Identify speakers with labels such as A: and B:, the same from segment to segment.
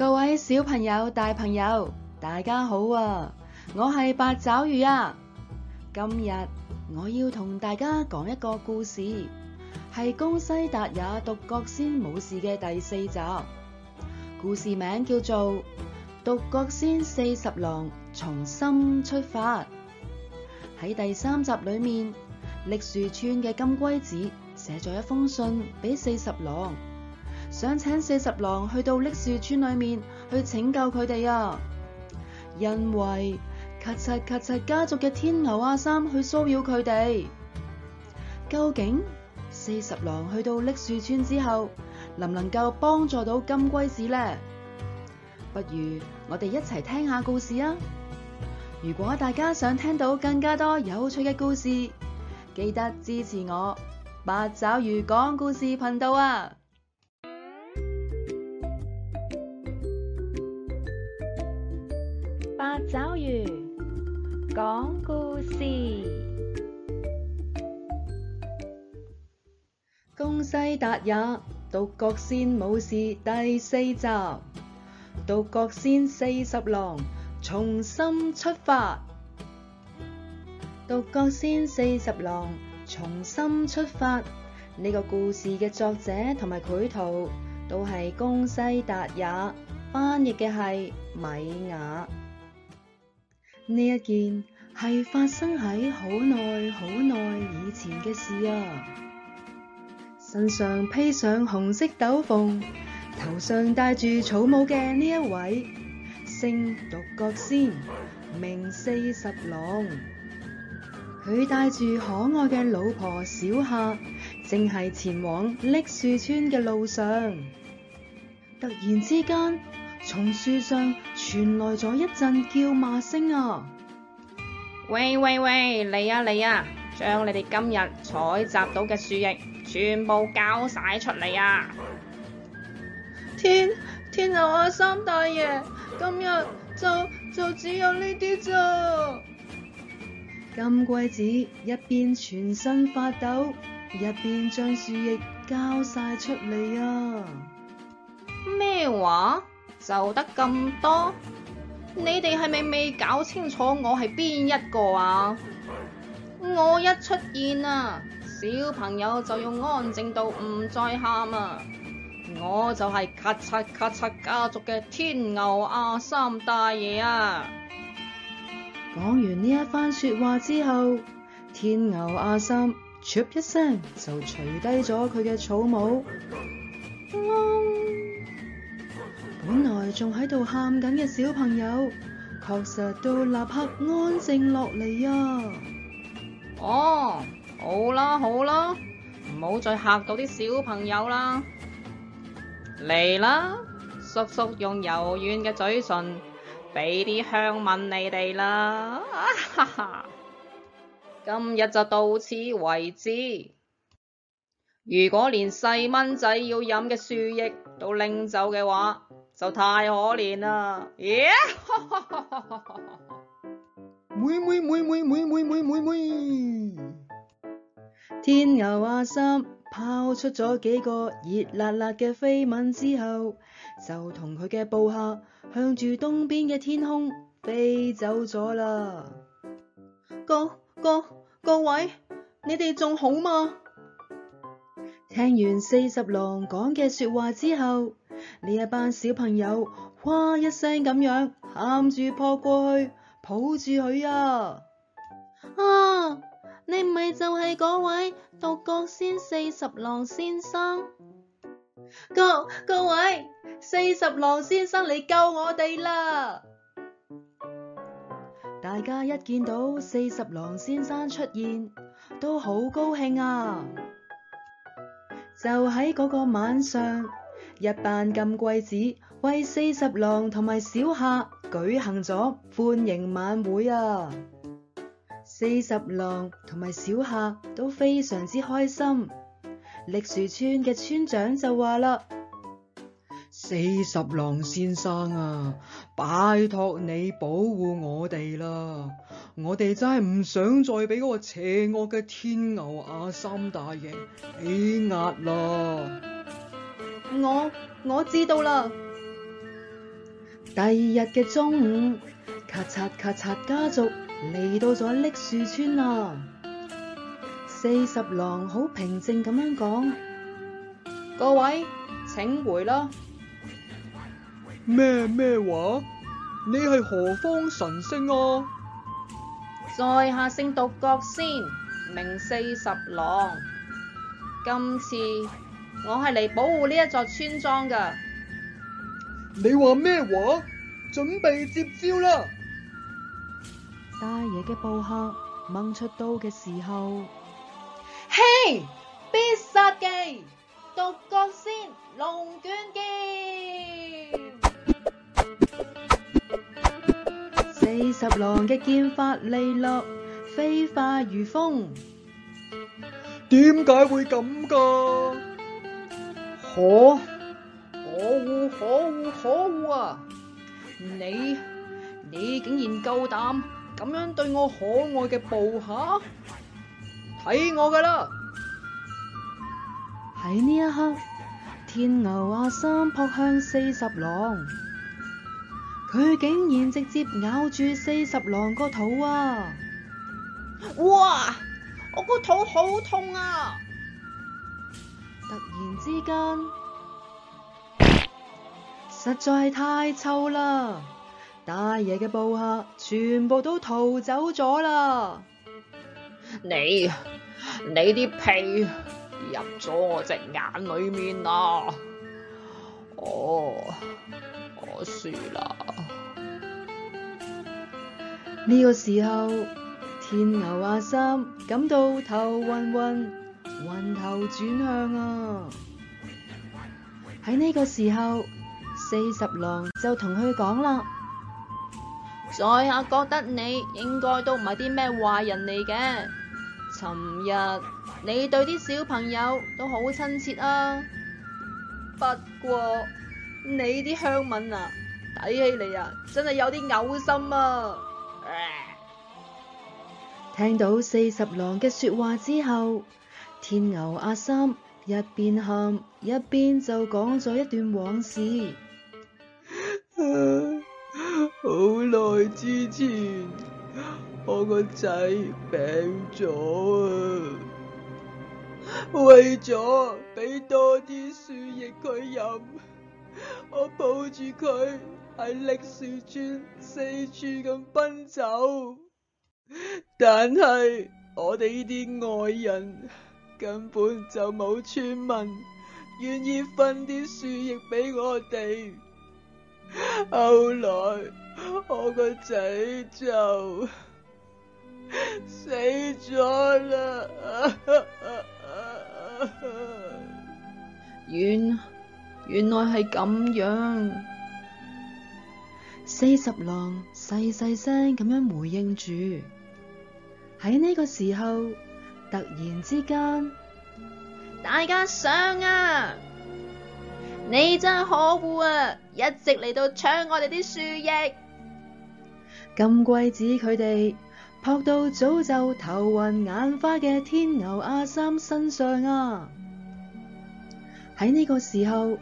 A: 各位小朋友、大朋友，大家好啊！我係八爪魚啊！今日我要同大家講一個故事，係《宮西達也獨角仙武士》嘅第四集。故事名叫做《獨角仙四十郎從心出發》。喺第三集裏面，櫟樹村嘅金龜子寫咗一封信俾四十郎。想請四十郎去到櫟樹村裏面去拯救佢哋啊！因為咔嚓咔嚓家族嘅天牛阿三去騷擾佢哋。究竟四十郎去到櫟樹村之後，能唔能夠幫助到金龜子呢？不如我哋一齊聽下故事啊！如果大家想聽到更加多有趣嘅故事，記得支持我八爪魚講故事頻道啊！小魚講故事。宮西達也《獨角仙武士》第四集《獨角仙四十郎》從心出發。獨角仙四十郎從心出發。呢、這個故事嘅作者同埋繪圖都係宮西達也，翻譯嘅係米雅。呢一件係發生喺好耐好耐以前嘅事啊！身上披上紅色斗篷，頭上戴住草帽嘅呢一位，姓獨角仙，名四十郎。佢帶住可愛嘅老婆小夏，正係前往櫟樹村嘅路上，突然之間。從樹上傳來咗一陣叫罵聲啊！
B: 喂喂喂，嚟啊嚟啊，將、啊、你哋今日採集到嘅樹液全部交晒出嚟啊！天，
A: 天牛阿三大爺，今日就就只有呢啲咋？金龜子一邊全身發抖，一邊將樹液交晒出嚟啊！咩話？
B: 就得咁多？你哋係咪未搞清楚我係邊一個啊？我一出現啊，小朋友就要安靜到唔再喊啊！我就係咔，咔嚓咔嚓家族嘅天牛阿三大爺啊！
A: 講完呢一番說話之後，天牛阿三唰一聲就除低咗佢嘅草帽。嗯本來仲喺度喊緊嘅小朋友，確實都立刻安靜落嚟啊！哦，好啦好啦，
B: 唔好再吓到啲小朋友啦。嚟啦，叔叔用柔軟嘅嘴唇俾啲香吻你哋啦！啊哈哈，今日就到此為止。如果連細蚊仔要飲嘅樹液都拎走嘅話，就太可憐啦！耶！哈哈
A: 哈，妹妹妹妹妹妹妹妹！天牛阿三拋出咗幾個熱辣辣嘅飛吻之後，就同佢嘅部下向住東邊嘅天空飛走咗啦！各各各位，你哋仲好嗎？聽完四十郎講嘅說話之後。呢一班小朋友，哇一聲咁樣，喊住撲過去，抱住佢啊！啊，你唔係就係嗰位獨角仙四十郎先生，各各位，四十郎先生嚟救我哋啦！大家一見到四十郎先生出現，都好高興啊！就喺嗰個晚上。一班金龜子為四十郎同埋小夏舉行咗歡迎晚會啊！四十郎同埋小夏都非常之開心。櫟樹村嘅村長就話啦：四十郎先生啊，拜託你保護我哋啦！我哋真係唔想再俾嗰個邪惡嘅天牛阿三大爺欺壓啦！我我知道啦。第二日嘅中午，咔嚓咔嚓家族嚟到咗櫟樹村啦。四十郎好平靜咁樣講：各位，請回啦。
B: 咩咩話？你係何方神聖啊？在下姓獨角仙，名四十郎。今次。我係嚟保護呢一座村莊噶。
A: 你話咩話？準備接招啦！大爺嘅部下掹出刀嘅時候，嘿，hey! 必殺技，獨角仙龍捲劍，四十郎嘅劍法利落，飛快如風。點解會咁噶？可可惡可惡
B: 可惡啊！你你竟然夠膽咁樣對我可愛嘅部下，睇我㗎喇！
A: 喺呢一刻，天牛阿三撲向四十郎，佢竟然直接咬住四十郎個肚啊！哇！我個肚好痛啊！突然之間， 實在太臭啦！大爺嘅部下全部都逃走咗啦！你，你啲屁
B: 入咗我隻眼裏面啦！哦，
A: 我輸啦！呢、 這個時候，天牛阿、啊、三感到頭暈暈。暈頭轉向啊！喺呢個時候，四十郎就同佢講啦：在下覺得你應
B: 該都唔係啲咩壞人嚟嘅。尋日你對啲小朋友都好親切啊。不過你啲香吻啊，睇起嚟啊，真係有啲嘔心啊！
A: 聽到四十郎嘅說話之後，天牛阿三一邊喊一邊就講咗一段往事。好耐 之前，我個仔病咗啊，為咗俾多啲樹液佢飲，我抱住佢喺櫟樹村四處咁奔走。但係我哋呢啲外人。根本就冇村民願意分啲樹液俾我哋，後來我個仔就死咗啦。 原，原來係咁樣，四十郎細細聲咁樣回應住。喺呢個時候，突然之間，大家上啊！你真係可惡啊！一
B: 直嚟到搶我哋啲樹液。
A: 金龜子佢哋撲到早就頭暈眼花嘅天牛阿三身上啊！喺呢個時候，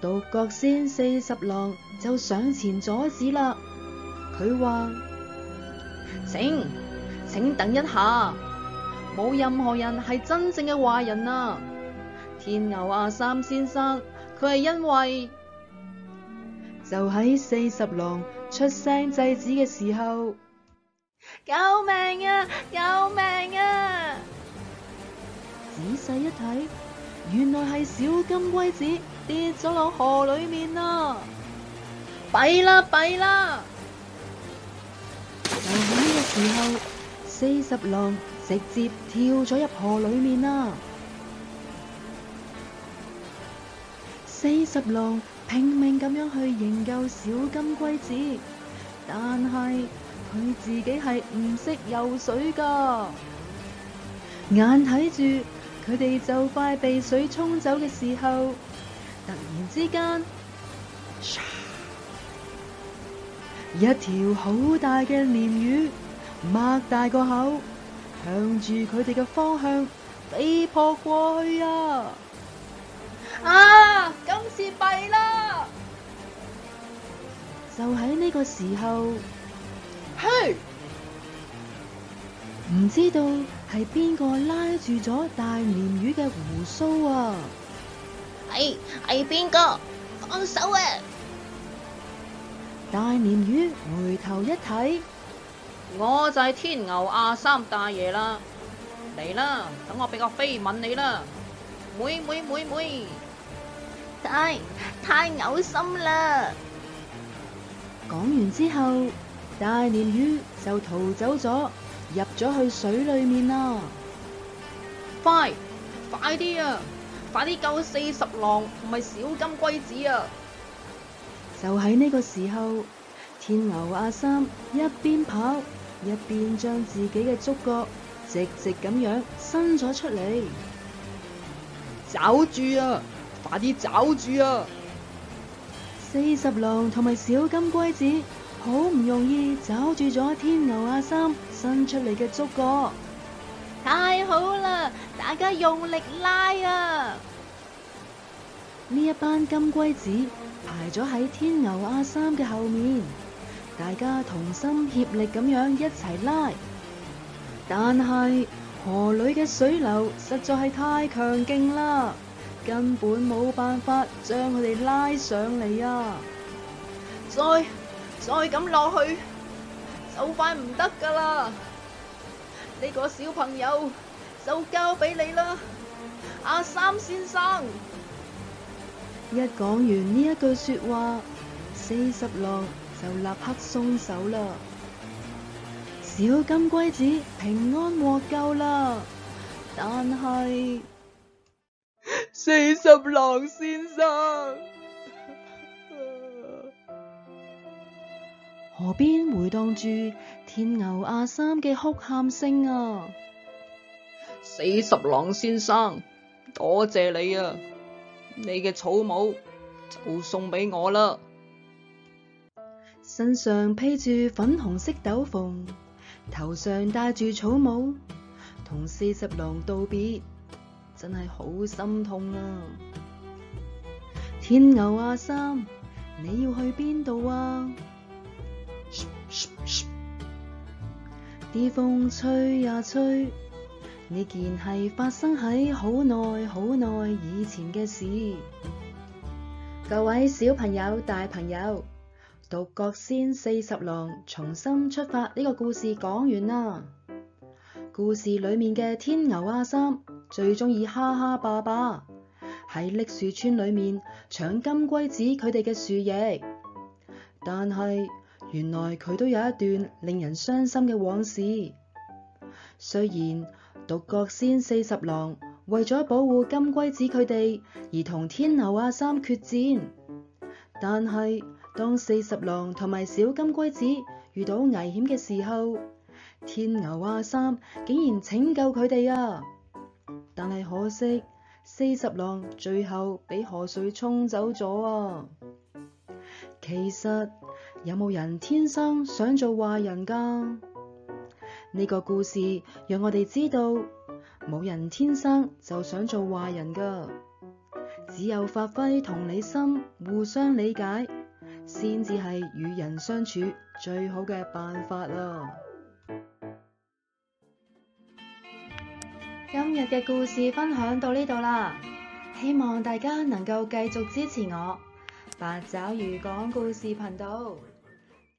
A: 獨角仙四十郎就上前阻止啦。佢話：請，請等一下。冇任何人係真正嘅壞人啊！天牛阿三先生，佢係因為就喺四十郎出聲制止嘅時候，救命啊！救命啊！仔細一睇，原來係小金龜子跌咗落河裏面啊！弊啦，弊啦！就喺呢個時候，四十郎，直接跳咗入河裏面啦！四十郎拼命咁樣去營救小金龜子，但係佢自己係唔識游水噶。眼睇住佢哋就快被水沖走嘅時候，突然之間，一條好大嘅鯰魚擘大個口，.向住佢哋嘅方向飛撲過去啊！
B: 啊，
A: 今次弊啦！就喺呢個時候，噓去，唔知道係邊個拉住咗大鯰魚嘅鬍鬚啊！
B: 係，
A: 係邊個？放手啊！大鯰魚回頭一睇。我就
B: 係天牛阿三大爺啦，嚟啦，等我俾個飛吻你啦，妹妹妹妹，太，太嘔心啦！
A: 講完之後，大鯰魚就逃走咗，入咗去水裏面啦。快，快
B: 啲啊，快啲救四十郎同埋小金龜子啊！
A: 就喺呢個時候。天牛阿三一邊跑一邊將自己嘅觸角直直咁樣伸咗出嚟，抓住啊！快啲抓住啊！四十郎同埋小金龜子好唔容易抓住咗天牛阿三伸出嚟嘅觸角，太好啦！大家用力拉啊！呢一班金龜子排咗喺天牛阿三嘅後面。大家同心協力咁樣一齊拉，但係河裏嘅水流實在係太強勁啦，根本冇辦法將佢哋拉上嚟啊！再再咁落去就快唔得噶啦！呢個小朋友就交俾你啦，阿三先生。一講完呢一句說話，四十郎。又立刻鬆手啦，小金龜子平安獲救啦，但係四十郎先生， 河邊回蕩住天牛阿三嘅哭喊聲啊！四十郎先生，
B: 多謝，謝你啊，你嘅草帽就送俾我啦。
A: 身上披住粉紅色斗篷，頭上戴住草帽，同四十郎道別，真係好心痛啊！天牛阿三，你要去邊度啊？噓噓噓，啲風吹呀吹，呢件係發生喺好耐好耐以前嘅事，各位小朋友、大朋友。獨角仙四十郎從心出發呢個故事講完啦。故事裏面嘅天牛阿三最中意蝦蝦霸霸，喺櫟樹村裏面搶金龜子佢哋嘅樹液，但係原來佢都有一段令人傷心嘅往事。雖然獨角仙四十郎為咗保護金龜子佢哋而同天牛阿三決戰，但係，當四十郎同埋小金龜子遇到危險嘅時候，天牛阿三竟然拯救佢哋啊！但係可惜，四十郎最後畀河水沖走咗啊！其實有冇人天生想做壞人噶？呢個故事讓我哋知道，冇人天生就想做壞人噶，只有發揮同理心，互相理解。先至係與人相處最好嘅辦法啦！今日嘅故事分享到呢度啦，希望大家能夠繼續支持我八爪魚講故事頻道。